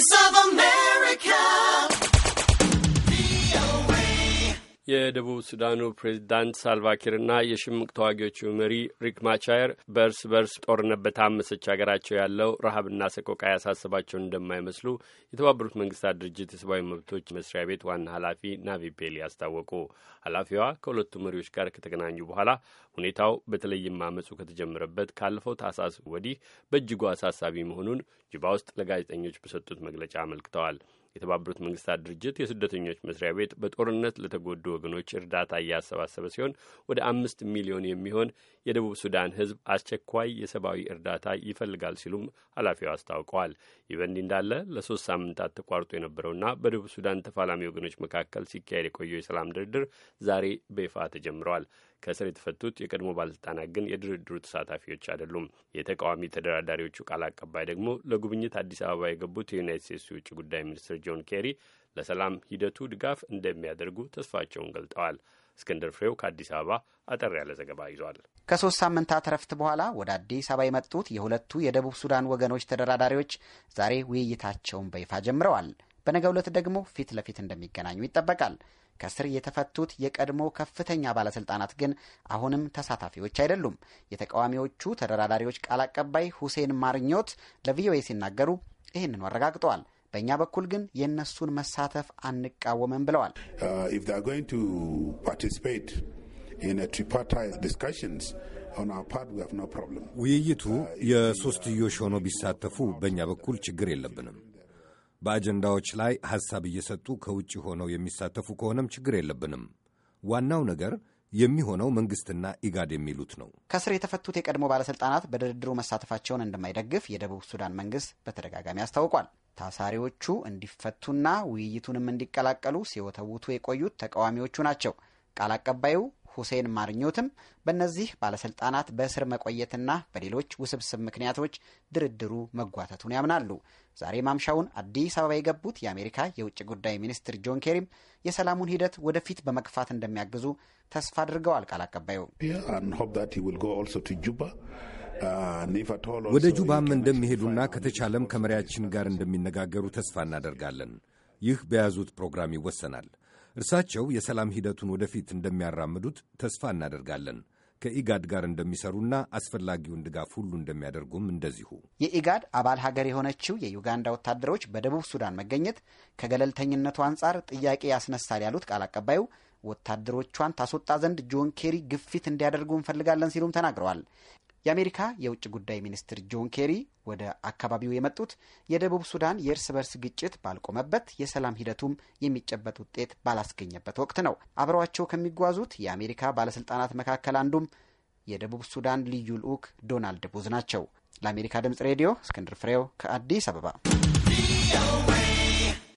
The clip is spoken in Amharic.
voice of የደቡብ ሱዳኑ ፕሬዚዳንት ሳልቫኪርና የሽምቅ ተዋጊዎቹ መሪ ሪክ ማቻየር በእርስ በርስ ጦርነት በታመሰች ሀገራቸው ያለው ረሀብና ሰቆቃ ያሳሰባቸውን እንደማይመስሉ የተባበሩት መንግስታት ድርጅት የሰብአዊ መብቶች መስሪያ ቤት ዋና ኃላፊ ናቪ ፔሊ አስታወቁ። ኃላፊዋ ከሁለቱ መሪዎች ጋር ከተገናኙ በኋላ ሁኔታው በተለይም አመፁ ከተጀመረበት ካለፈው ታህሳስ ወዲህ በእጅጉ አሳሳቢ መሆኑን ጅባ ውስጥ ለጋዜጠኞች በሰጡት መግለጫ አመልክተዋል። የተባበሩት መንግስታት ድርጅት የስደተኞች መስሪያ ቤት በጦርነት ለተጎዱ ወገኖች እርዳታ እያሰባሰበ ሲሆን ወደ አምስት ሚሊዮን የሚሆን የደቡብ ሱዳን ህዝብ አስቸኳይ የሰብአዊ እርዳታ ይፈልጋል ሲሉም ኃላፊው አስታውቀዋል። ይህ በእንዲህ እንዳለ ለሶስት ሳምንታት ተቋርጦ የነበረውና በደቡብ ሱዳን ተፋላሚ ወገኖች መካከል ሲካሄድ የቆየው የሰላም ድርድር ዛሬ በይፋ ተጀምረዋል። ከእስር የተፈቱት የቀድሞ ባለስልጣናት ግን የድርድሩ ተሳታፊዎች አይደሉም። የተቃዋሚ ተደራዳሪዎቹ ቃል አቀባይ ደግሞ ለጉብኝት አዲስ አበባ የገቡት የዩናይት ስቴትስ ውጭ ጉዳይ ሚኒስትር ጆን ኬሪ ለሰላም ሂደቱ ድጋፍ እንደሚያደርጉ ተስፋቸውን ገልጠዋል። እስክንድር ፍሬው ከአዲስ አበባ አጠር ያለ ዘገባ ይዟል። ከሶስት ሳምንታት እረፍት በኋላ ወደ አዲስ አበባ የመጡት የሁለቱ የደቡብ ሱዳን ወገኖች ተደራዳሪዎች ዛሬ ውይይታቸውን በይፋ ጀምረዋል። በነገው ዕለት ደግሞ ፊት ለፊት እንደሚገናኙ ይጠበቃል። ከስር የተፈቱት የቀድሞ ከፍተኛ ባለስልጣናት ግን አሁንም ተሳታፊዎች አይደሉም። የተቃዋሚዎቹ ተደራዳሪዎች ቃል አቀባይ ሁሴን ማርኞት ለቪኦኤ ሲናገሩ ይህንኑ አረጋግጠዋል። በእኛ በኩል ግን የእነሱን መሳተፍ አንቃወምም ብለዋል። uh, ውይይቱ የሦስትዮሽ ሆኖ ቢሳተፉ በእኛ በኩል ችግር የለብንም። በአጀንዳዎች ላይ ሐሳብ እየሰጡ ከውጭ ሆነው የሚሳተፉ ከሆነም ችግር የለብንም። ዋናው ነገር የሚሆነው መንግስትና ኢጋድ የሚሉት ነው። ከስር የተፈቱት የቀድሞ ባለሥልጣናት በድርድሩ መሳተፋቸውን እንደማይደግፍ የደቡብ ሱዳን መንግሥት በተደጋጋሚ አስታውቋል። ታሳሪዎቹ እንዲፈቱና ውይይቱንም እንዲቀላቀሉ ሲወተውቱ የቆዩት ተቃዋሚዎቹ ናቸው። ቃል አቀባዩ ሁሴን ማርኞትም በእነዚህ ባለስልጣናት በእስር መቆየትና በሌሎች ውስብስብ ምክንያቶች ድርድሩ መጓተቱን ያምናሉ። ዛሬ ማምሻውን አዲስ አበባ የገቡት የአሜሪካ የውጭ ጉዳይ ሚኒስትር ጆን ኬሪም የሰላሙን ሂደት ወደፊት በመግፋት እንደሚያግዙ ተስፋ አድርገዋል። ቃል አቀባዩ ወደ ጁባም እንደሚሄዱና ከተቻለም ከመሪያችን ጋር እንደሚነጋገሩ ተስፋ እናደርጋለን። ይህ በያዙት ፕሮግራም ይወሰናል። እርሳቸው የሰላም ሂደቱን ወደፊት እንደሚያራምዱት ተስፋ እናደርጋለን። ከኢጋድ ጋር እንደሚሰሩና አስፈላጊውን ድጋፍ ሁሉ እንደሚያደርጉም እንደዚሁ። የኢጋድ አባል ሀገር የሆነችው የዩጋንዳ ወታደሮች በደቡብ ሱዳን መገኘት ከገለልተኝነቱ አንጻር ጥያቄ ያስነሳል ያሉት ቃል አቀባዩ ወታደሮቿን ታስወጣ ዘንድ ጆን ኬሪ ግፊት እንዲያደርጉ እንፈልጋለን ሲሉም ተናግረዋል። የአሜሪካ የውጭ ጉዳይ ሚኒስትር ጆን ኬሪ ወደ አካባቢው የመጡት የደቡብ ሱዳን የእርስ በርስ ግጭት ባልቆመበት የሰላም ሂደቱም የሚጨበጥ ውጤት ባላስገኘበት ወቅት ነው። አብረዋቸው ከሚጓዙት የአሜሪካ ባለስልጣናት መካከል አንዱም የደቡብ ሱዳን ልዩ ልዑክ ዶናልድ ቡዝ ናቸው። ለአሜሪካ ድምጽ ሬዲዮ እስክንድር ፍሬው ከአዲስ አበባ